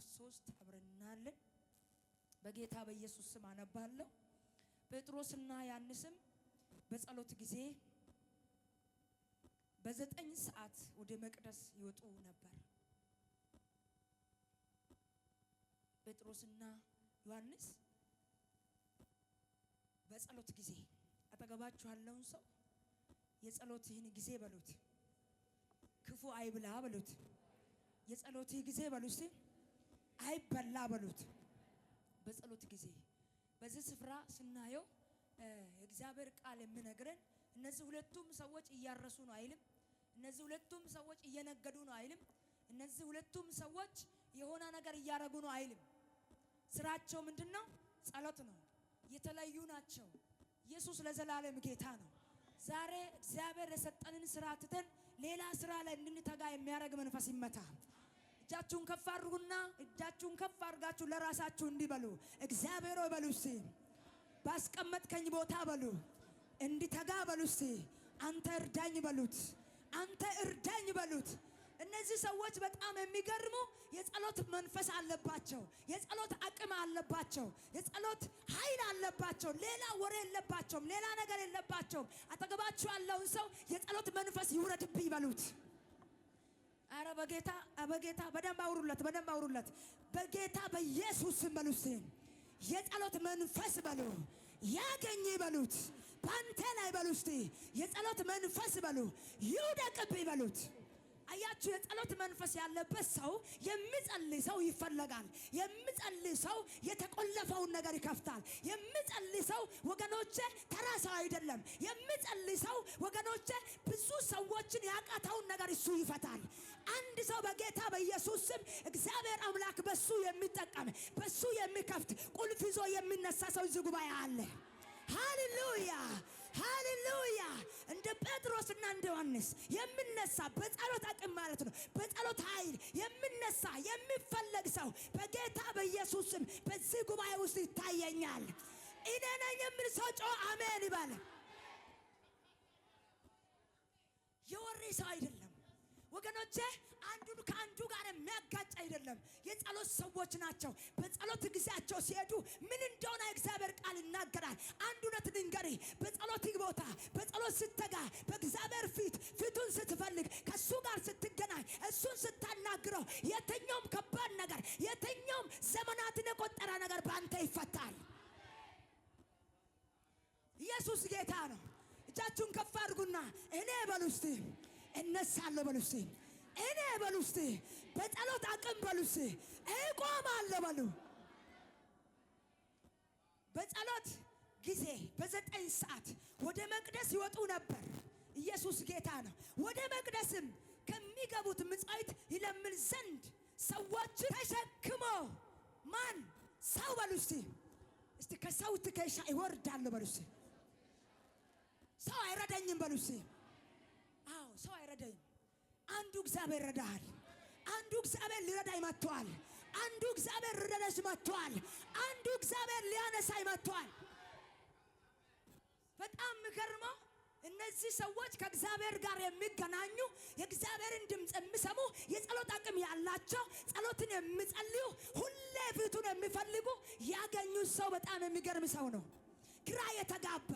ምዕራፍ ሶስት አብረናለን። በጌታ በኢየሱስ ስም አነባለሁ። ጴጥሮስና ያንስም በጸሎት ጊዜ በዘጠኝ ሰዓት ወደ መቅደስ ይወጡ ነበር። ጴጥሮስና ዮሐንስ በጸሎት ጊዜ አጠገባችሁ ያለውን ሰው የጸሎትህን ጊዜ በሉት፣ ክፉ አይብላ በሉት፣ የጸሎትህ ጊዜ በሉት። አይበላ በሉት። በጸሎት ጊዜ በዚህ ስፍራ ስናየው እግዚአብሔር ቃል የሚነግረን እነዚህ ሁለቱም ሰዎች እያረሱ ነው አይልም። እነዚህ ሁለቱም ሰዎች እየነገዱ ነው አይልም። እነዚህ ሁለቱም ሰዎች የሆነ ነገር እያደረጉ ነው አይልም። ስራቸው ምንድን ነው? ጸሎት ነው። የተለዩ ናቸው። ኢየሱስ ለዘላለም ጌታ ነው። ዛሬ እግዚአብሔር የሰጠንን ስራ ትተን ሌላ ስራ ላይ እንድንተጋ የሚያደርግ መንፈስ ይመታል። እጃችሁን ከፍ አድርጉና እጃችሁን ከፍ አድርጋችሁ ለራሳችሁ እንዲበሉ እግዚአብሔር ሆይ በሉ ባስቀመጥከኝ ቦታ በሉ፣ እንዲተጋ በሉ አንተ እርዳኝ በሉት፣ አንተ እርዳኝ በሉት። እነዚህ ሰዎች በጣም የሚገርሙ የጸሎት መንፈስ አለባቸው። የጸሎት አቅም አለባቸው። የጸሎት ኃይል አለባቸው። ሌላ ወሬ የለባቸውም። ሌላ ነገር የለባቸውም። አጠገባችሁ ያለውን ሰው የጸሎት መንፈስ ይውረድብኝ በሉት። አረ በጌታ በጌታ በደንብ አውሩለት፣ በደንብ አውሩለት። በጌታ በኢየሱስ ስም የጸሎት መንፈስ በሉ ያገኝ በሉት። ባንተ ላይ በሉ። የጸሎት መንፈስ በሉ ይውደቅብ በሉት። ያላችሁ የጸሎት መንፈስ ያለበት ሰው የሚጸልይ ሰው ይፈለጋል። የሚጸልይ ሰው የተቆለፈውን ነገር ይከፍታል። የሚጸልይ ሰው ወገኖቼ ተራ ሰው አይደለም። የሚጸልይ ሰው ወገኖቼ ብዙ ሰዎችን ያቃተውን ነገር እሱ ይፈታል። አንድ ሰው በጌታ በኢየሱስ ስም እግዚአብሔር አምላክ በሱ የሚጠቀም በሱ የሚከፍት ቁልፍ ይዞ የሚነሳ ሰው እዚህ ጉባኤ አለ። ሃሌሉያ ሃሌሉያ እንደ ጴጥሮስና እንደ ዮሐንስ የምነሳ በጸሎት አቅም ማለት ነው። በጸሎት ኃይል የምነሳ የሚፈለግ ሰው በጌታ በኢየሱስ ስም በዚህ ጉባኤ ውስጥ ይታየኛል። እኔ ነኝ የሚል ሰው ጮህ አሜን ይበል። የወሬ ሰው አይደለም። ወገኖቼ አንዱን ከአንዱ ጋር የሚያጋጭ አይደለም። የጸሎት ሰዎች ናቸው። በጸሎት ጊዜያቸው ሲሄዱ ምን እንደሆነ እግዚአብሔር ቃል ይናገራል። አንድ እውነት ልንገርህ፣ በጸሎት ቦታ፣ በጸሎት ስትተጋ፣ በእግዚአብሔር ፊት ፊቱን ስትፈልግ፣ ከእሱ ጋር ስትገናኝ፣ እሱን ስታናግረው፣ የትኛውም ከባድ ነገር፣ የትኛውም ዘመናትን የቆጠረ ነገር በአንተ ይፈታል። ኢየሱስ ጌታ ነው። እጃችሁን ከፍ አድርጉና እኔ በሉ እስቲ እነሳለሁ በሉ እስቲ፣ እኔ በሉ እስቲ፣ በጸሎት አቅም በሉ እስቲ፣ እቆማለሁ በሉ በጸሎት ጊዜ በዘጠኝ ሰዓት ወደ መቅደስ ይወጡ ነበር። ኢየሱስ ጌታ ነው። ወደ መቅደስም ከሚገቡት ምጽዋት ይለምን ዘንድ ሰዎች ተሸክሞ ማን ሰው በሉ እስቲ እስቲ ከሰው ትከሻ ይወርዳሉ በሉ እስቲ ሰው አይረዳኝም በሉ እስቲ ነው። ሰው አይረዳኝም። አንዱ እግዚአብሔር ረዳሃል። አንዱ እግዚአብሔር ሊረዳኝ መጥቷል። አንዱ እግዚአብሔር ሊረዳሽ መጥቷል። አንዱ እግዚአብሔር ሊያነሳኝ መጥቷል። በጣም ምገርመው እነዚህ ሰዎች ከእግዚአብሔር ጋር የሚገናኙ የእግዚአብሔርን ድምፅ የሚሰሙ የጸሎት አቅም ያላቸው ጸሎትን የሚጸልዩ ሁሌ ፊቱን የሚፈልጉ ያገኙት ሰው በጣም የሚገርም ሰው ነው። ግራ የተጋባ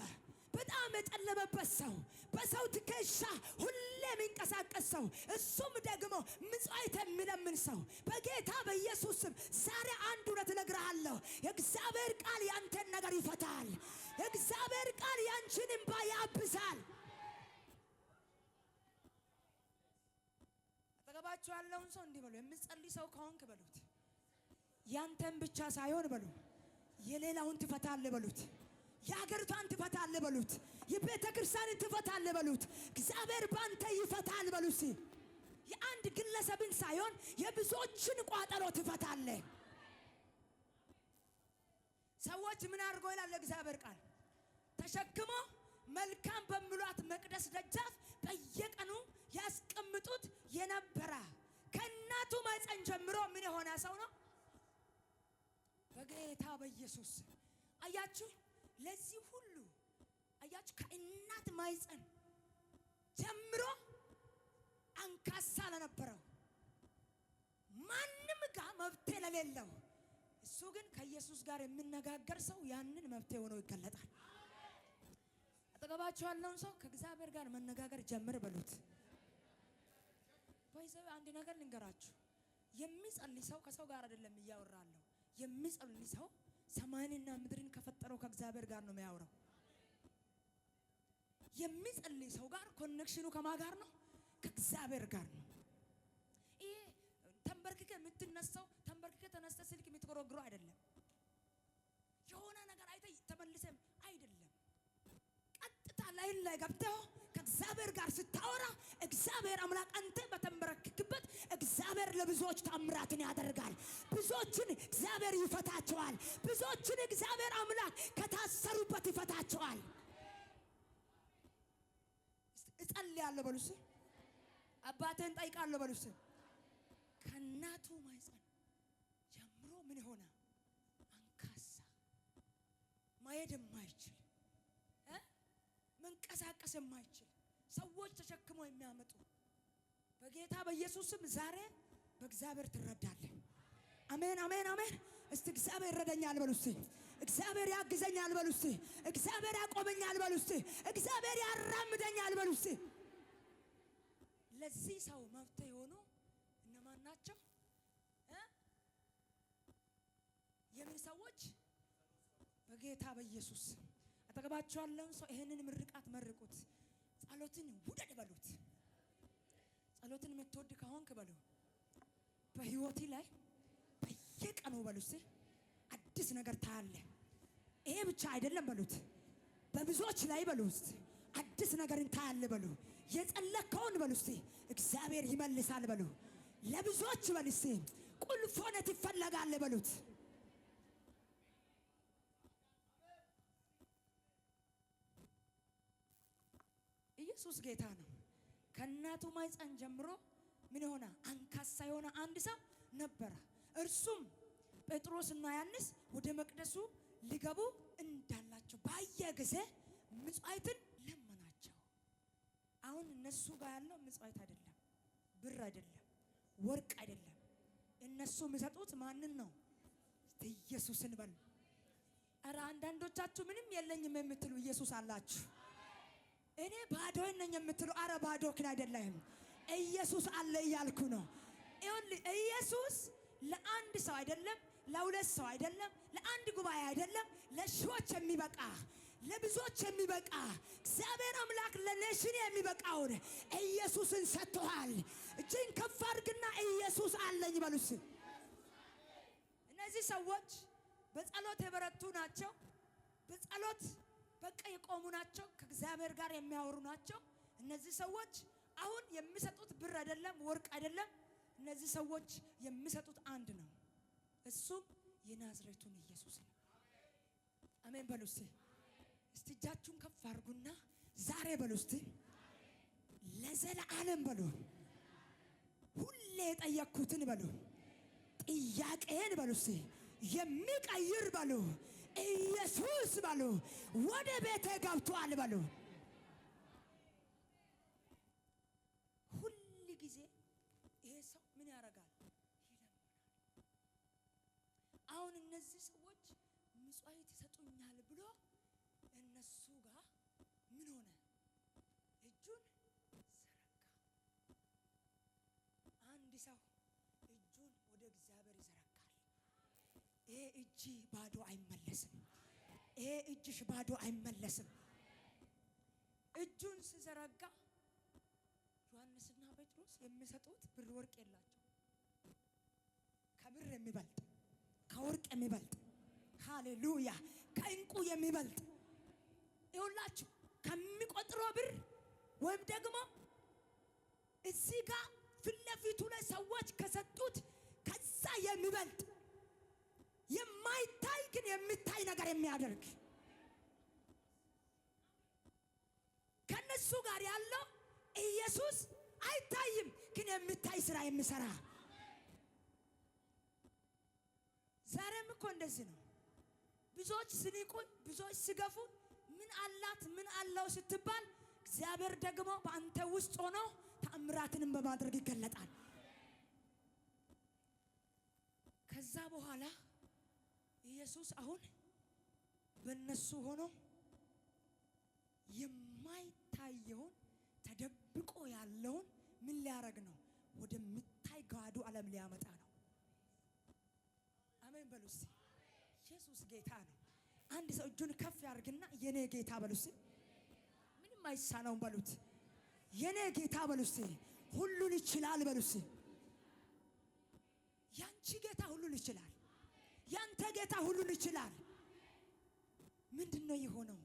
በጣም የጠለመበት ሰው፣ በሰው ትከሻ ሁሌ የሚንቀሳቀስ ሰው፣ እሱም ደግሞ ምጽዋት የሚለምን ሰው በጌታ በኢየሱስ ስም ዛሬ አንድ እውነት እነግርሃለሁ። የእግዚአብሔር ቃል ያንተን ነገር ይፈታል። የእግዚአብሔር ቃል ያንችን እምባ ያብሳል። አጠገባችሁ ያለውን ሰው እንዲህ በሉ፣ የምትጸልይ ሰው ከሆንክ በሉት፣ ያንተን ብቻ ሳይሆን በሉ፣ የሌላውን ትፈታል በሉት። የአገሪቷን ትፈታል በሉት። የቤተ ክርስቲያንን ትፈታል በሉት። እግዚአብሔር ባንተ ይፈታል በሉት። የአንድ ግለሰብን ሳይሆን የብዙዎችን ቋጠሮ ትፈታለ። ሰዎች ምን አድርጎ ይላል እግዚአብሔር ቃል ተሸክሞ መልካም በሚሏት መቅደስ ደጃፍ በየቀኑ ያስቀምጡት የነበረ ከእናቱ ማኅፀን ጀምሮ ምን የሆነ ሰው ነው? በጌታ በኢየሱስ አያችሁ። ለዚህ ሁሉ አያችሁ ከእናት ማይፀን ጀምሮ አንካሳ ለነበረው ማንም ጋር መብቴ ለሌለው እሱ ግን ከኢየሱስ ጋር የሚነጋገር ሰው ያንን መብቴ ሆኖ ይገለጣል። አጠገባችሁ ያለውን ሰው ከእግዚአብሔር ጋር መነጋገር ጀምር በሉት። ይዘው አንድ ነገር ልንገራችሁ፣ የሚጸልይ ሰው ከሰው ጋር አይደለም እያወራለሁ። የሚጸልይ ሰው ሰማይንና ምድርን ከፈጠረው ከእግዚአብሔር ጋር ነው የሚያወራው። የሚጸልይ ሰው ጋር ኮኔክሽኑ ከማ ጋር ነው? ከእግዚአብሔር ጋር ነው። ይሄ ተንበርክከ የምትነሳው ተንበርክከ ተነስተ ስልክ የምትጎረግረው አይደለም። የሆነ ነገር አይተ ተመልሰም አይደለም። ቀጥታ ላይን ላይ ገብተው ከእግዚአብሔር ጋር ስታወራ እግዚአብሔር አምላክ አንተ በተንበረክክበት እግዚአብሔር ለብዙዎች ታምራትን ያደርጋል። ብዙዎችን እግዚአብሔር ይፈታቸዋል። ብዙዎችን እግዚአብሔር አምላክ ከታሰሩበት ይፈታቸዋል። እጸልያለሁ በሉስ። አባቴን ጠይቃለሁ በሉስ። ከእናቱ ማህፀን ጀምሮ ምን ሆነ? አንካሳ ማየድ የማይችል መንቀሳቀስ የማይችል ሰዎች ተሸክመው የሚያመጡ በጌታ በኢየሱስም ዛሬ በእግዚአብሔር ትረዳለህ። አሜን፣ አሜን፣ አሜን። እስቲ እግዚአብሔር ይረዳኛል በሉ እስቲ። እግዚአብሔር ያግዘኛል በሉ እስቲ። እግዚአብሔር ያቆመኛል በሉ እስቲ። እግዚአብሔር ያራምደኛል በሉ እስቲ። ለዚህ ሰው መብት የሆኑ እነማን ናቸው? የምን ሰዎች? በጌታ በኢየሱስ አጠገባቸው ያለውን ሰው ይህንን ምርቃት መርቁት። ጸሎትን ውደድ በሉት። ጸሎትን የምትወድ ከሆንክ በሉ በህይወቴ ላይ በየቀኑ በሉት አዲስ ነገር ታያለ። ይሄ ብቻ አይደለም በሉት በብዙዎች ላይ በሉት አዲስ ነገርን ታያለ በሉ። የጸለከውን በሉት እግዚአብሔር ይመልሳል በሉ። ለብዙዎች በሉት ቁልፍ ሆነት ይፈለጋል በሉት ኢየሱስ ጌታ ነው። ከእናቱ ማኅፀን ጀምሮ ምን የሆነ አንካሳ የሆነ አንድ ሰው ነበረ። እርሱም ጴጥሮስና ያንስ ወደ መቅደሱ ሊገቡ እንዳላቸው ባየ ጊዜ ምጽዋዕትን ለመናቸው። አሁን እነሱ ጋር ያለው ምጽዋይት አይደለም፣ ብር አይደለም፣ ወርቅ አይደለም። እነሱ የሚሰጡት ማንን ነው? ኢየሱስን በሉ። ኧረ አንዳንዶቻችሁ ምንም የለኝም የምትሉ ኢየሱስ አላችሁ። እኔ ባዶ ነኝ የምትለው፣ አረ ባዶ ባዶክን አይደለህም። ኢየሱስ አለ እያልኩ ነው። ኢየሱስ ለአንድ ሰው አይደለም፣ ለሁለት ሰው አይደለም፣ ለአንድ ጉባኤ አይደለም፣ ለሺዎች የሚበቃ ለብዙዎች የሚበቃ እግዚአብሔር አምላክ ለኔሽን የሚበቃውን ኢየሱስን ሰጥቶሃል። እጅን ከፍ አድርግና ኢየሱስ አለኝ በሉስ። እነዚህ ሰዎች በጸሎት የበረቱ ናቸው። በጸሎት በቃ የቆሙ ናቸው፣ ከእግዚአብሔር ጋር የሚያወሩ ናቸው። እነዚህ ሰዎች አሁን የሚሰጡት ብር አይደለም፣ ወርቅ አይደለም። እነዚህ ሰዎች የሚሰጡት አንድ ነው፣ እሱም የናዝሬቱን ኢየሱስ ነው። አሜን በሉ እስቲ። እጃችሁን ከፍ አድርጉና ዛሬ በሉ እስቲ ለዘላለም በሉ ሁሌ የጠየቅኩትን በሉ ጥያቄን በሉ የሚቀይር በሉ ኢየሱስ በሉ ወደ ቤቴ ገብቷል በሉ። ሁል ጊዜ ይሄ ሰው ምን ያደርጋል? ይለምናል። አሁን እነዚህ ሰዎች ምጽዋት ይሰጡኛል ብሎ እነሱ ጋር ምን ሆነ? እጁን ዘረጋ። አንድ ሰው ይሄ እጅ ባዶ አይመለስም። ይሄ እጅሽ ባዶ አይመለስም። እጁን ስዘረጋ ዮሐንስና ጴጥሮስ የሚሰጡት ብር ወርቅ የላቸው። ከብር የሚበልጥ ከወርቅ የሚበልጥ ሃሌሉያ፣ ከእንቁ የሚበልጥ ይሁላችሁ ከሚቆጥረው ብር ወይም ደግሞ እዚህ ጋር ፊት ለፊቱ ላይ ሰዎች ከሰጡት ከዛ የሚበልጥ የማይታይ ግን የሚታይ ነገር የሚያደርግ ከነሱ ጋር ያለው ኢየሱስ አይታይም፣ ግን የሚታይ ስራ የሚሰራ ዛሬም እኮ እንደዚህ ነው። ብዙዎች ስንቁ፣ ብዙዎች ስገፉ፣ ምን አላት ምን አለው ስትባል እግዚአብሔር ደግሞ በአንተ ውስጥ ሆኖ ተአምራትንም በማድረግ ይገለጣል። ከዛ በኋላ ኢየሱስ አሁን በእነሱ ሆኖ የማይታየውን ተደብቆ ያለውን ምን ሊያረግ ነው? ወደምታይ ጋዱ ዓለም ሊያመጣ ነው። አሜን በሉ ኢየሱስ ጌታ ነው። አንድ ሰው እጁን ከፍ ያርግና የኔ ጌታ በሉ ምንም አይሳነውም በሉት። የኔ ጌታ በሉ ሁሉን ይችላል በሉ ያንቺ ጌታ ሁሉን ይችላል። ያንተ ጌታ ሁሉን ይችላል። ምንድን ነው የሆነው?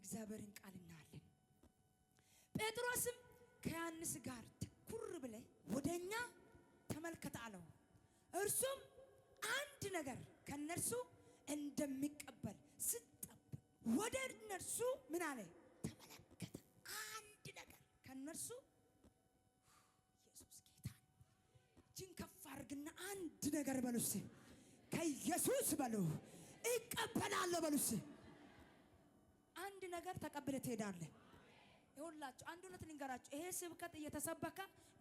እግዚአብሔርን ቃል እናያለን። ጴጥሮስም ከያንስ ጋር ትኩር ብለህ ወደ እኛ ተመልከት አለው። እርሱም አንድ ነገር ከነርሱ እንደሚቀበል ስጠብቅ ወደ እነርሱ ምን አለ ተመለከተ። አንድ ነገር ከነርሱ ኢየሱስ ጌታ እጅን ከፍ አድርግና አንድ ነገር በሉስ ከኢየሱስ በሉ ይቀበላለሁ በሉስ። አንድ ነገር ተቀብለ ትሄዳለህ። ይሁላችሁ አንድ እውነት ልንገራችሁ፣ ይሄ ስብከት እየተሰበከ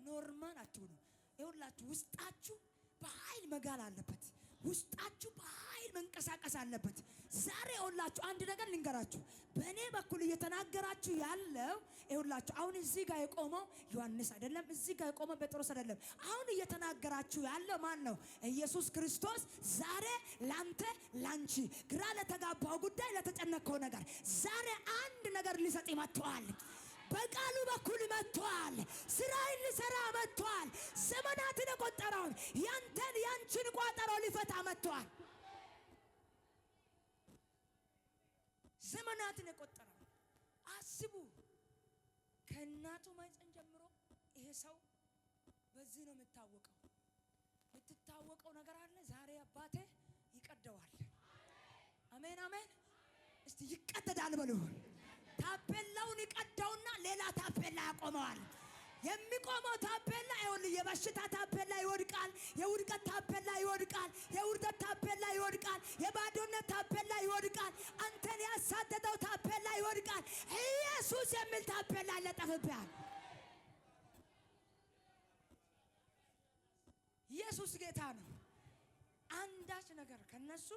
ኖርማል አትሆኑ። ይሁላችሁ ውስጣችሁ በኃይል መጋል አለበት። ውስጣችሁ በኃይል መንቀሳቀስ አለበት። ዛሬ ይኸውላችሁ አንድ ነገር ልንገራችሁ። በእኔ በኩል እየተናገራችሁ ያለው ይኸውላችሁ አሁን እዚህ ጋር የቆመው ዮሐንስ አይደለም። እዚህ ጋር የቆመው ጴጥሮስ አይደለም። አሁን እየተናገራችሁ ያለው ማን ነው? ኢየሱስ ክርስቶስ ዛሬ ላንተ፣ ላንቺ ግራ ለተጋባው ጉዳይ፣ ለተጨነቀው ነገር ዛሬ አንድ ነገር ሊሰጥ ይመጥተዋል። በቃሉ በኩል መጥቷል። ስራይን ሊሰራ መጥቷል። ዘመናትን የቆጠረውን ያንተን ያንችን ቋጠሮ ሊፈታ መጥቷል። ዘመናትን የቆጠረውን አስቡ። ከእናቱ ማኅፀን ጀምሮ ይሄ ሰው በዚህ ነው የምታወቀው። የምትታወቀው ነገር አለ። ዛሬ አባቴ ይቀደዋል። አሜን አሜን። እስቲ ይቀደዳል በሉ ታፔላውን ይቀደውና ሌላ ታፔላ ያቆመዋል። የሚቆመው ታፔላ ይኸውልህ፣ የበሽታ ታፔላ ይወድቃል። የውድቀት ታፔላ ይወድቃል። የውርደት ታፔላ ይወድቃል። የባዶነት ታፔላ ይወድቃል። አንተን ያሳደደው ታፔላ ይወድቃል። ኢየሱስ የሚል ታፔላ ይለጠፍብሃል። ኢየሱስ ጌታ ነው። አንዳች ነገር ከነሱ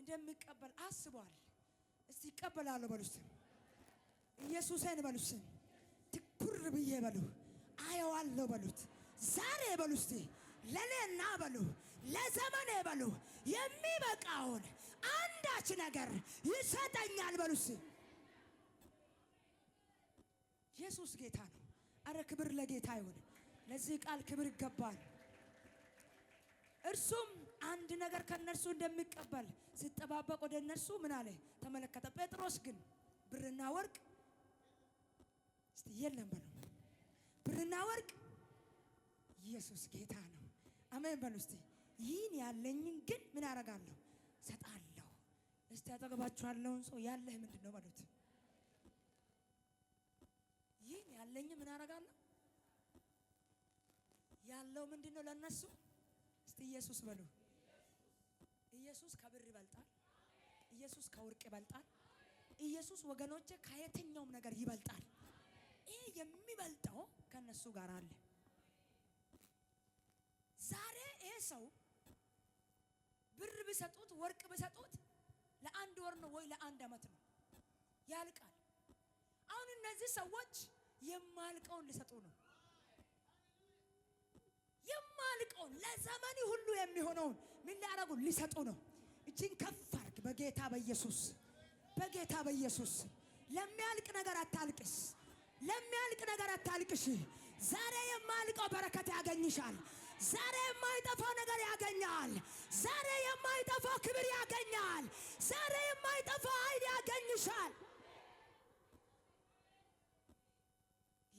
እንደሚቀበል አስቧል። እስቲ ይቀበላሉ በሉስ ኢየሱስን በሉስ ትኩር ብዬ በሉ አየዋለሁ በሉት። ዛሬ በሉ እስቲ ለኔና በሉ ለዘመኔ በሉ የሚበቃውን አንዳች ነገር ይሰጠኛል በሉ እስቲ። ኢየሱስ ጌታ ነው። አረ ክብር ለጌታ ይሁን። ለዚህ ቃል ክብር ይገባል። እርሱም አንድ ነገር ከነርሱ እንደሚቀበል ሲጠባበቅ ወደ እነርሱ ምን አለ? ተመለከተ። ጴጥሮስ ግን ብርና ወርቅ እስቲ የለም በሉ። ብርና ወርቅ ኢየሱስ ጌታ ነው። አሜን በሉ እስቲ። ይህን ያለኝን ግን ምን አደርጋለሁ? ሰጣለሁ። እስቲ አጠገባችሁ ሰው ያለህ ምንድን ነው በሉት። ይህን ያለኝ ምን አደርጋለሁ? ያለው ምንድን ነው ለእነሱ? እስቲ ኢየሱስ በሉ። ኢየሱስ ከብር ይበልጣል። ኢየሱስ ከወርቅ ይበልጣል። ኢየሱስ ወገኖቼ ከየትኛውም ነገር ይበልጣል። ከእኔ የሚበልጠው ከነሱ ጋር አለ። ዛሬ ይህ ሰው ብር ብሰጡት ወርቅ ብሰጡት ለአንድ ወር ነው ወይ ለአንድ አመት ነው ያልቃል። አሁን እነዚህ ሰዎች የማልቀውን ሊሰጡ ነው። የማልቀውን ለዘመን ሁሉ የሚሆነውን ምን ሊያደርጉ ሊሰጡ ነው። እጅን ከፍ አድርግ። በጌታ በኢየሱስ በጌታ በኢየሱስ ለሚያልቅ ነገር አታልቅስ። ለሚያልቅ ነገር አታልቅሽ። ዛሬ የማያልቀው በረከት ያገኝሻል። ዛሬ የማይጠፋው ነገር ያገኛል። ዛሬ የማይጠፋው ክብር ያገኛል። ዛሬ የማይጠፋው ኃይል ያገኝሻል።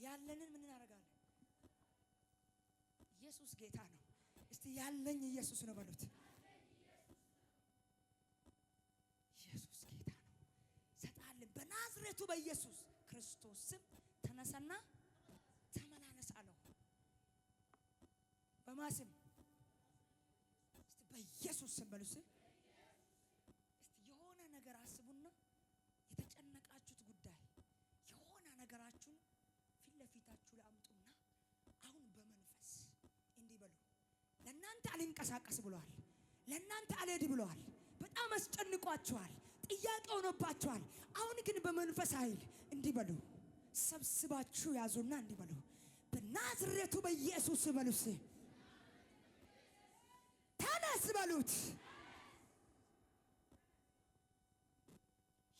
ያለንን ምን እናደርጋለን? ኢየሱስ ጌታ ነው። እስቲ ያለኝ ኢየሱስ ነው በሉት። ኢየሱስ ጌታ ነው። ሰጣልን በናዝሬቱ በኢየሱስ ክርስቶስ ስም አነሰና ተመላለስ አለው። በማስም እስቲ በኢየሱስ ስም በሉ። እስቲ የሆነ ነገር አስቡና የተጨነቃችሁት ጉዳይ የሆነ ነገራችሁን ፊት ለፊታችሁ ላይ አሁን በመንፈስ እንዲህ በሉ። ለእናንተ አልንቀሳቀስ ብለዋል። ለእናንተ አልሄድ ብለዋል። በጣም አስጨንቋችኋል። ጥያቄ ሆኖባችኋል። አሁን ግን በመንፈስ ኃይል እንዲህ በሉ ሰብስባችሁ ያዙና እንዲህ በሉ፣ በናዝሬቱ በኢየሱስ በሉስ፣ ተነስ በሉት።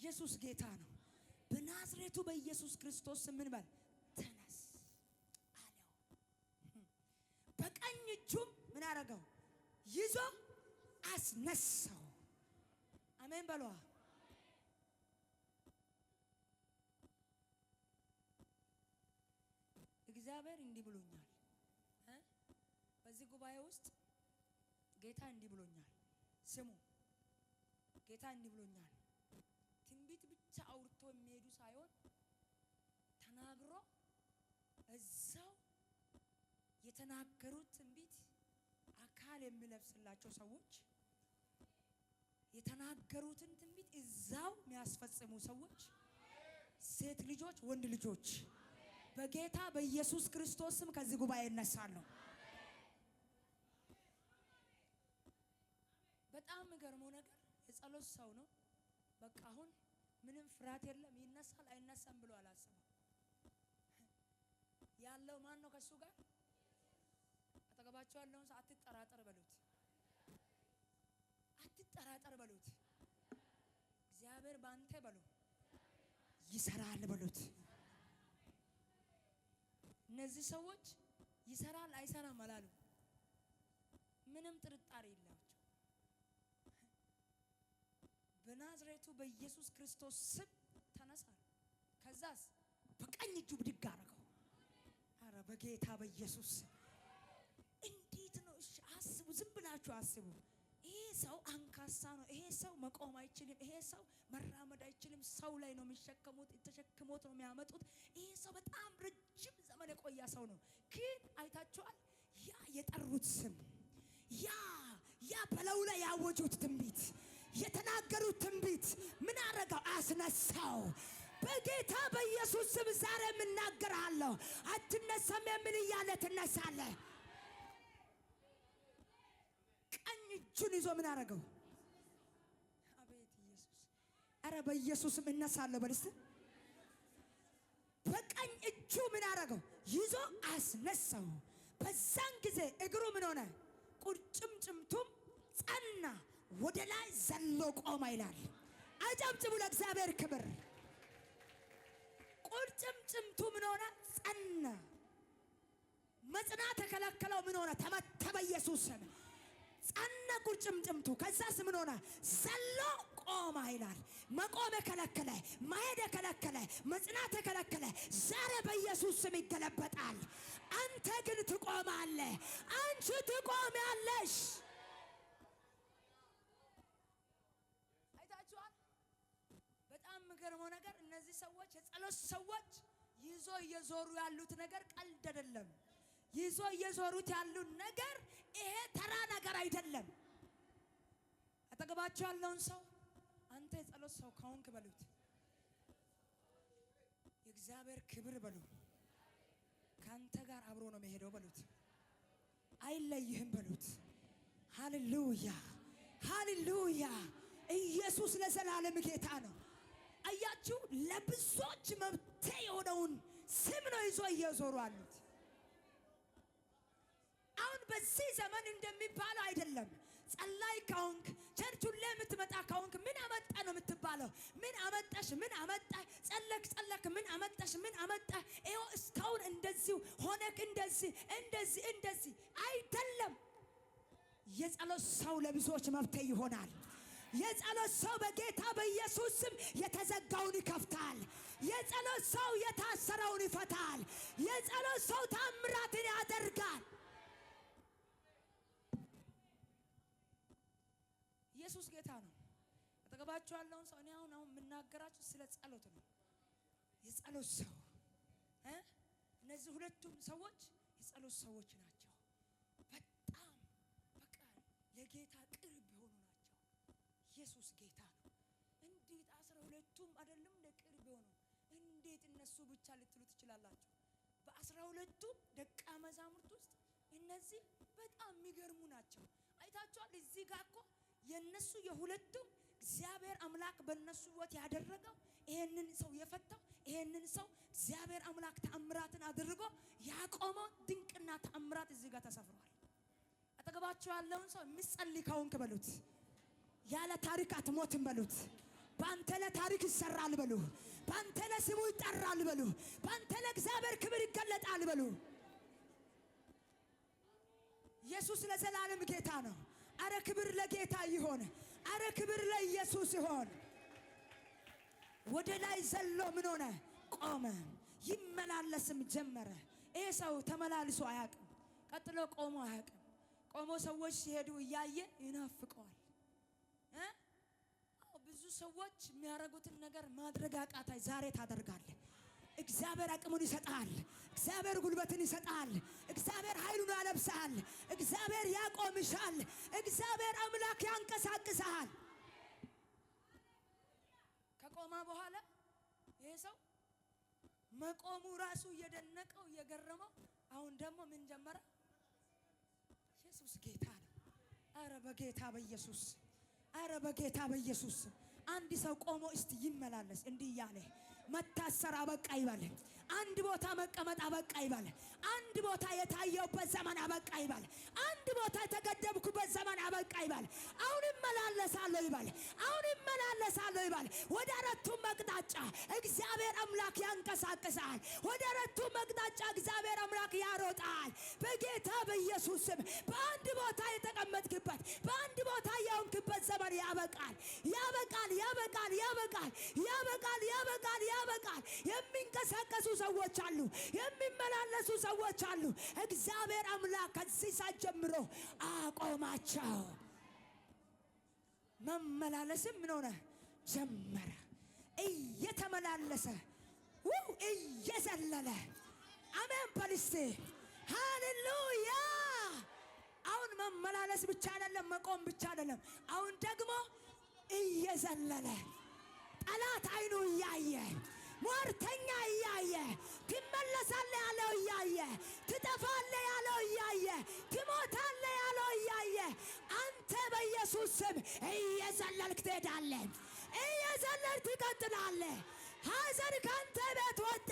ኢየሱስ ጌታ ነው። በናዝሬቱ በኢየሱስ ክርስቶስ ምን በል ተነስ አለው። በቀኝ እጁም ምን አረገው ይዞ አስነሳው። አሜን በሏ። እግዚአብሔር እንዲህ ብሎኛል። በዚህ ጉባኤ ውስጥ ጌታ እንዲህ ብሎኛል። ስሙ፣ ጌታ እንዲህ ብሎኛል። ትንቢት ብቻ አውርቶ የሚሄዱ ሳይሆን ተናግሮ እዛው የተናገሩት ትንቢት አካል የሚለብስላቸው ሰዎች የተናገሩትን ትንቢት እዛው የሚያስፈጽሙ ሰዎች ሴት ልጆች፣ ወንድ ልጆች በጌታ በኢየሱስ ክርስቶስ ስም ከዚህ ጉባኤ እነሳለሁ። በጣም የሚገርመው ነገር የጸሎት ሰው ነው። በቃ አሁን ምንም ፍርሃት የለም። ይነሳል አይነሳም ብሎ አላሰበም። ያለው ማን ነው? ከሱ ጋር አጠገባቸው ያለውን ሰው አትጠራጠር በሉት፣ አትጠራጠር በሉት። እግዚአብሔር በአንተ በሉ ይሰራል በሉት። እነዚህ ሰዎች ይሰራል አይሰራም አላሉ። ምንም ጥርጣሬ የላቸው። በናዝሬቱ በኢየሱስ ክርስቶስ ስም ተነሳ ከዛስ በቀኝ እጁ ብድግ አደረገው። አረ በጌታ በኢየሱስ እንዴት ነው? እሺ አስቡ፣ ዝም ብላችሁ አስቡ። ይሄ ሰው አንካሳ ነው። ይሄ ሰው መቆም አይችልም። ይሄ ሰው መራመድ አይችልም። ሰው ላይ ነው የሚሸከሙት፣ ተሸክሞት ነው የሚያመጡት። ይሄ ሰው በጣም ረጅም ሲታመን የቆያ ሰው ነው። ግን አይታችኋል። ያ የጠሩት ስም ያ ያ በለው ላይ ያወጁት ትንቢት የተናገሩት ትንቢት ምን አረጋው? አስነሳው። በጌታ በኢየሱስ ስም ዛሬ የምናገርሃለሁ፣ አትነሳም የሚል እያለ ትነሳለ። ቀኝ እጁን ይዞ ምን አረገው? አቤት ኢየሱስ! አረ በኢየሱስም እነሳለሁ በልስ በቀኝ እጁ ምን አረገው? ይዞ አስነሳው። በዛን ጊዜ እግሩ ምን ሆነ? ቁርጭምጭምቱም ጸና፣ ወደ ላይ ዘሎ ቆመ ይላል። አጨብጭቡ ለእግዚአብሔር ክብር። ቁርጭምጭምቱ ምን ሆነ? ጸና። መጽናት ተከለከለው። ምን ሆነ? ተመተበ ኢየሱስ ጸነ ቁርጭምጭምቱ ከዛስ ምን ሆነ? ዘሎ ቆማ ይላል። መቆም የከለከለ ማሄድ የከለከለ መጽናት የከለከለ ዛሬ በኢየሱስ ስም ይገለበጣል። አንተ ግን ትቆማለ አንቺ ትቆሚያለሽ። አይታችኋል። በጣም የሚገርመው ነገር እነዚህ ሰዎች የጸሎት ሰዎች ይዞ እየዞሩ ያሉት ነገር ቀልድ አይደለም። ይዞ እየዞሩት ያሉን ነገር ይሄ ተራ ነገር አይደለም። አጠገባቸው ያለውን ሰው አንተ የጸሎት ሰው ከሆንክ በሉት፣ የእግዚአብሔር ክብር በሉ ከአንተ ጋር አብሮ ነው የሚሄደው በሉት፣ አይለይህም በሉት። ሃሌሉያ ሃሌሉያ! ኢየሱስ ለዘላለም ጌታ ነው። አያችሁ፣ ለብዙዎች መብቴ የሆነውን ስም ነው ይዞ እየዞሩ አሉ። በዚህ ዘመን እንደሚባለው አይደለም። ጸላይ ካሁንክ ቸርች ሁሌ የምትመጣ ካሁንክ ምን አመጣ ነው የምትባለው። ምን አመጣሽ፣ ምን አመጣ፣ ጸለክ ጸለክ፣ ምን አመጣሽ፣ ምን አመጣ። ይኸው እስካሁን እንደዚሁ ሆነክ፣ እንደዚህ እንደዚህ እንደዚህ አይደለም። የጸሎት ሰው ለብዙዎች መፍትሄ ይሆናል። የጸሎት ሰው በጌታ በኢየሱስ ስም የተዘጋውን ይከፍታል። የጸሎት ሰው የታሰረውን ይፈታል። የጸሎት ሰው ታምራትን ያደርጋል። እየገባችሁ ያለውን ሰው እኔ አሁን አሁን የምናገራችሁ ስለ ጸሎት ነው። የጸሎት ሰው እነዚህ ሁለቱም ሰዎች የጸሎት ሰዎች ናቸው። በጣም በቃ ለጌታ ቅርብ የሆኑ ናቸው። ኢየሱስ ጌታ ነው። እንዴት አስራ ሁለቱም አይደለም ለቅርብ የሆኑ እንዴት እነሱ ብቻ ልትሉ ትችላላችሁ። በአስራ ሁለቱም ደቀ መዛሙርት ውስጥ እነዚህ በጣም የሚገርሙ ናቸው። አይታችኋል። እዚህ ጋር እኮ የእነሱ የሁለቱም እግዚአብሔር አምላክ በእነሱ ሕይወት ያደረገው ይሄንን ሰው የፈታው ይሄንን ሰው እግዚአብሔር አምላክ ተአምራትን አድርጎ ያቆመው ድንቅና ተአምራት እዚህ ጋር ተሰፍሯል። አጠገባቸው ያለውን ሰው የምትጸልይ ከሆንክ በሉት፣ ያለ ታሪክ አትሞትም በሉት። በአንተ ላይ ታሪክ ይሰራል በሉ። በአንተ ላይ ስሙ ይጠራል በሉ። በአንተ ላይ እግዚአብሔር ክብር ይገለጣል በሉ። ኢየሱስ ለዘላለም ጌታ ነው። አረ ክብር ለጌታ ይሆን። አረ ክብር ለኢየሱስ ይሆን። ወደ ላይ ዘሎ ምን ሆነ? ቆመ። ይመላለስም ጀመረ። ይህ ሰው ተመላልሶ አያቅም። ቀጥሎ ቆሞ አያቅም። ቆሞ ሰዎች ሲሄዱ እያየ ይናፍቀዋል። ብዙ ሰዎች የሚያደርጉትን ነገር ማድረግ አቃታይ። ዛሬ ታደርጋለህ። እግዚአብሔር አቅሙን ይሰጣል። እግዚአብሔር ጉልበትን ይሰጣል። እግዚአብሔር ኃይሉን ያለብሳል። እግዚአብሔር ያቆምሻል። እግዚአብሔር አምላክ ያንቀሳቅሳል። ከቆመ በኋላ ይሄ ሰው መቆሙ ራሱ እየደነቀው እየገረመው፣ አሁን ደግሞ ምን ጀመረ? ኢየሱስ ጌታ ነው። አረ በጌታ በኢየሱስ አረ በጌታ በኢየሱስ አንድ ሰው ቆሞ እስቲ ይመላለስ እንዲህ እያለ መታሰር አበቃ ይበል። አንድ ቦታ መቀመጥ አበቃ ይባል። አንድ ቦታ የታየውበት ዘመን አበቃ ይባል። አንድ ቦታ የተገደብኩበት ዘመን አበቃ ይባል። አሁን እመላለሳለሁ ይባል። አሁን እመላለሳለሁ ይባል። ወደ አራቱም አቅጣጫ እግዚአብሔር አምላክ ያንቀሳቅሳል። ወደ አራቱም አቅጣጫ እግዚአብሔር አምላክ ያሮጣል። በጌታ በኢየሱስ ስም በአንድ ቦታ የተቀመጥክበት፣ በአንድ ቦታ የሆንክበት ዘመን ያበቃል፣ ያበቃል፣ ያበቃል፣ ያበቃል፣ ያበቃል፣ ያበቃል፣ ያበቃል የሚንቀሳቀሱ ሰዎች አሉ፣ የሚመላለሱ ሰዎች አሉ። እግዚአብሔር አምላክ ከዚህ ሰዓት ጀምሮ አቆማቸው። መመላለስም ምን ሆነ ጀመረ? እየተመላለሰ እየዘለለ አሜን በልስቴ ሃሌሉያ። አሁን መመላለስ ብቻ አይደለም፣ መቆም ብቻ አይደለም። አሁን ደግሞ እየዘለለ ጠላት አይኑ እያየ ሟርተኛ እያየ ትመለሳለ ያለው እያየ ትጠፋለ ያለው እያየ ትሞታለ ያለው እያየ አንተ በኢየሱስ ስም እየዘለልክ ትሄዳለ፣ እየዘለልክ ትቀጥላለ። ሐዘን ካንተ ቤት ወጣ፣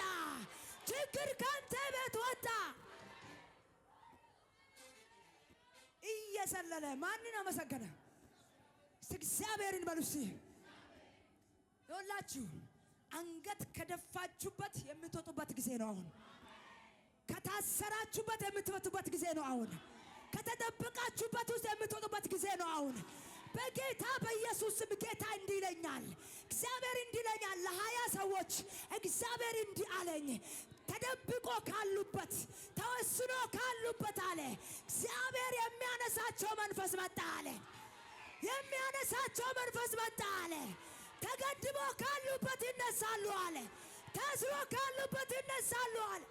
ችግር ካንተ ቤት ወጣ። እየዘለለ ማንን አመሰገነ? እግዚአብሔርን በሉስ ይሁላችሁ። አንገት ከደፋችሁበት የምትወጡበት ጊዜ ነው አሁን። ከታሰራችሁበት የምትወጡበት ጊዜ ነው አሁን። ከተደበቃችሁበት ውስጥ የምትወጡበት ጊዜ ነው አሁን። በጌታ በኢየሱስም ጌታ እንዲህ ይለኛል፣ እግዚአብሔር እንዲህ ይለኛል። ለሀያ ሰዎች እግዚአብሔር እንዲህ አለኝ ተደብቆ ካሉበት ተወስኖ ካሉበት አለ እግዚአብሔር የሚያነሳቸው መንፈስ መጣ አለ። የሚያነሳቸው መንፈስ መጣ አለ። ተገድቦ ካሉበት ይነሳሉ አለ። ታስሮ ካሉበት ይነሳሉ አለ።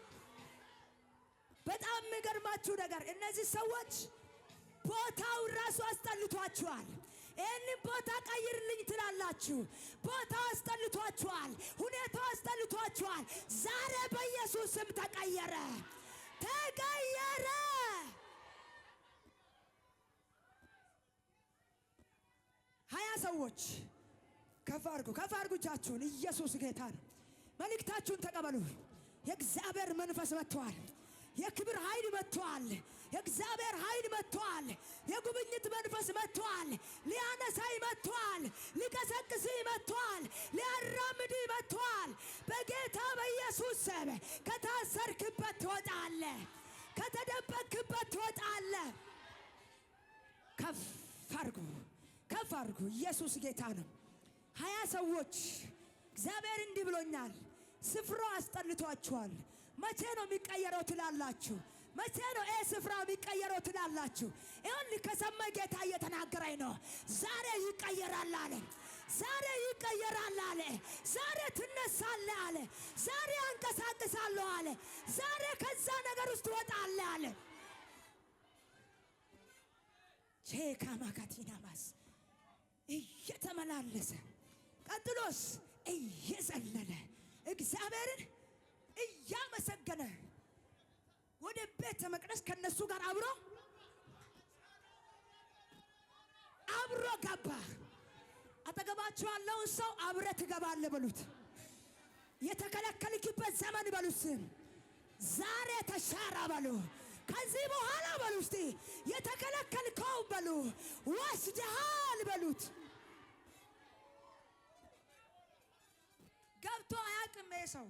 በጣም የሚገርማችሁ ነገር እነዚህ ሰዎች ቦታው ራሱ አስጠልቷችኋል። ይህንን ቦታ ቀይርልኝ ትላላችሁ። ቦታ አስጠልቷችኋል። ሁኔታው አስጠልቷችኋል። ዛሬ በኢየሱስ ስም ተቀየረ፣ ተቀየረ። ሀያ ሰዎች ከፍ አድርጉ፣ ከፍ አድርጉ እጃችሁን። ኢየሱስ ጌታ ነው። መልእክታችሁን ተቀበሉ። የእግዚአብሔር መንፈስ መጥተዋል። የክብር ኃይል መጥተዋል። የእግዚአብሔር ኃይል መጥተዋል። የጉብኝት መንፈስ መጥተዋል። ሊያነሳይ መጥተዋል። ሊቀሰቅስ መጥተዋል። ሊያራምድ መጥተዋል። በጌታ በኢየሱስ ስም ከታሰርክበት ትወጣለ። ከተደበቅክበት ትወጣለ። ከፍ አርጉ፣ ከፍ አርጉ። ኢየሱስ ጌታ ነው። ሀያ ሰዎች እግዚአብሔር እንዲህ ብሎኛል፣ ስፍራው አስጠልቷችኋል፣ መቼ ነው የሚቀየረው ትላላችሁ መቼ ነው ይህ ስፍራ የሚቀየረው ትላላችሁ? ይሁን ከሰማይ ጌታ እየተናገረኝ ነው። ዛሬ ይቀየራል አለ። ዛሬ ይቀየራል አለ። ዛሬ ትነሳለ አለ። ዛሬ አንቀሳቅሳለሁ አለ። ዛሬ ከዛ ነገር ውስጥ ትወጣለ አለ። ቼካማካቲናማስ እየተመላለሰ ቀጥሎስ እየዘለለ እግዚአብሔርን እያመሰገነ ወደ ቤተ መቅደስ ከነሱ ጋር አብሮ አብሮ ገባ። አጠገባቸው ያለውን ሰው አብረ ትገባለ በሉት። የተከለከልክበት ዘመን በሉስ ዛሬ ተሻራ በሉ። ከዚህ በኋላ በሉ ውስጥ የተከለከልከው በሉ ወስደሃል በሉት። ገብቶ አያቅም። ይሄ ሰው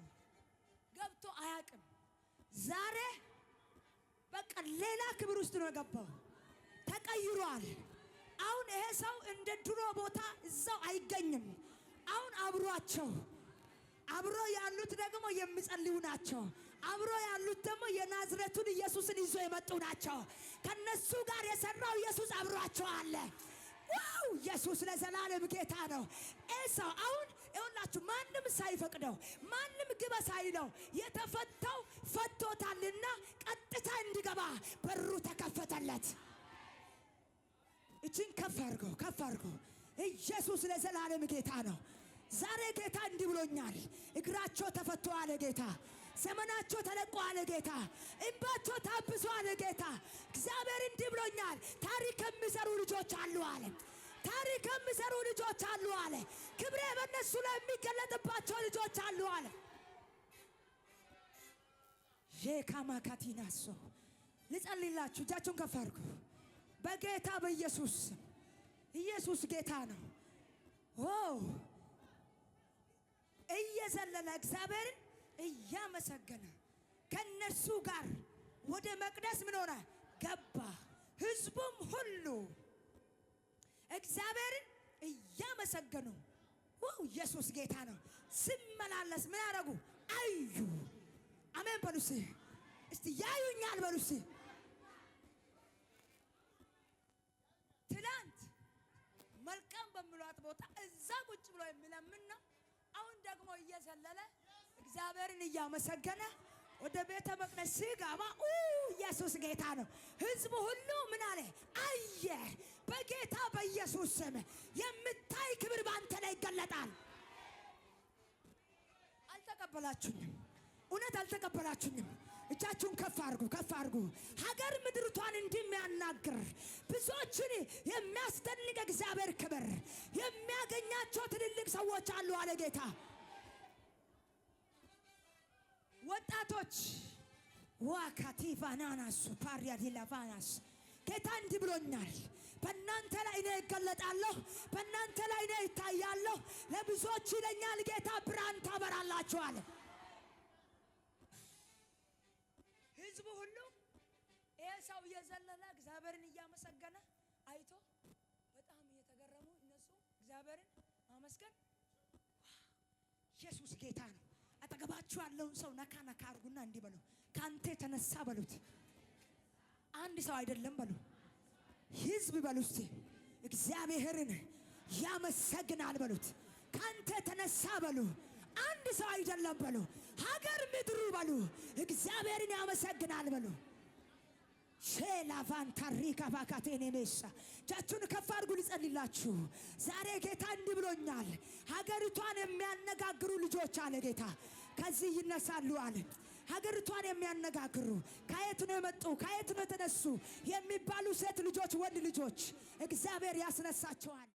ገብቶ አያቅም ዛሬ በቃ ሌላ ክብር ውስጥ ነው የገባው። ተቀይሯል። አሁን ይሄ ሰው እንደ ድሮ ቦታ እዛው አይገኝም። አሁን አብሯቸው አብሮ ያሉት ደግሞ የሚጸልዩ ናቸው። አብሮ ያሉት ደግሞ የናዝረቱን ኢየሱስን ይዞ የመጡ ናቸው። ከነሱ ጋር የሰራው ኢየሱስ አብሯቸው አለ። ዋው! ኢየሱስ ለዘላለም ጌታ ነው። ኤሳው አሁን ይኸውላችሁ ማንም ሳይፈቅደው ማንም ግባ ሳይለው የተፈታው ፈቶታልና ቀጥታ እንዲገባ በሩ ተከፈተለት። እችን ከፍ አድርጎ ከፍ አድርጎ ኢየሱስ ለዘላለም ጌታ ነው። ዛሬ ጌታ እንዲህ ብሎኛል። እግራቸው ተፈቶ አለ ጌታ። ዘመናቸው ተለቆ አለ ጌታ። እንባቸው ታብሶ አለ ጌታ። እግዚአብሔር እንዲህ ብሎኛል። ታሪክ የሚሰሩ ልጆች አሉ አለ። ታሪክ የሚሰሩ ልጆች አሉ አለ። ክብሬ በእነሱ ላይ የሚገለጥባቸው ልጆች አሉ አለ። ዤካማካቲናሶ ልጸልላችሁ፣ እጃችሁን ከፍ አድርጉ። በጌታ በኢየሱስ ኢየሱስ ጌታ ነው። ኦ እየዘለለ እግዚአብሔርን እያመሰገነ ከነሱ ጋር ወደ መቅደስ ምን ሆነ ገባ ህዝቡም ሁሉ እግዚአብሔርን እያመሰገኑ ዋው ኢየሱስ ጌታ ነው። ስመላለስ ምን ያደረጉ አዩ። አሜን በሉስ እስቲ ያዩኛል በሉስ። ትላንት መልካም በሚሏት ቦታ እዛ ቁጭ ብሎ የሚለምን ነው። አሁን ደግሞ እየዘለለ እግዚአብሔርን እያመሰገነ ወደ ቤተ መቅደስ ሲገባ ኢየሱስ ጌታ ነው። ህዝቡ ሁሉ ምን አለ አየ በጌታ በኢየሱስ ስም የምታይ ክብር በአንተ ላይ ይገለጣል። አልተቀበላችሁኝም። እውነት አልተቀበላችሁኝም። እጃችሁን ከፍ አድርጉ፣ ከፍ አድርጉ። ሀገር ምድርቷን እንደሚያናግር ብዙዎችን የሚያስደንቅ እግዚአብሔር ክብር የሚያገኛቸው ትልልቅ ሰዎች አሉ አለ ጌታ። ወጣቶች ዋካቲ ቫናናሱ ፓሪያ ጌታ እንዲህ ብሎኛል፣ በእናንተ ላይ እኔ እገለጣለሁ፣ በእናንተ ላይ እኔ ይታያለሁ፣ ለብዙዎች ይለኛል ጌታ ብርሃን ታበራላችኋል። ህዝቡ ሁሉ ይሄ ሰው እየዘለለ እግዚአብሔርን እያመሰገነ አይቶ በጣም እየተገረሙ እነሱ እግዚአብሔርን ማመስገን ኢየሱስ ጌታ ነው። አጠገባችሁ ያለውን ሰው ነካ ነካ አድርጉና እንዲህ በለው፣ ከአንተ የተነሳ በሉት አንድ ሰው አይደለም በሉ፣ ህዝብ በሉ። እስቲ እግዚአብሔርን ያመሰግናል በሉት። ካንተ ተነሳ በሉ። አንድ ሰው አይደለም በሉ፣ ሀገር ምድሩ በሉ። እግዚአብሔርን ያመሰግናል በሉ። ሼላቫንታሪ ካባካቴኔሜሳ እጃችሁን ከፍ አድርጉ፣ ልጸልላችሁ። ዛሬ ጌታ እንዲህ ብሎኛል፣ ሀገሪቷን የሚያነጋግሩ ልጆች አለ ጌታ ከዚህ ይነሳሉ አለ ሀገሪቷን የሚያነጋግሩ ከየት ነው የመጡ ከየት ነው የተነሱ የሚባሉ ሴት ልጆች፣ ወንድ ልጆች እግዚአብሔር ያስነሳቸዋል።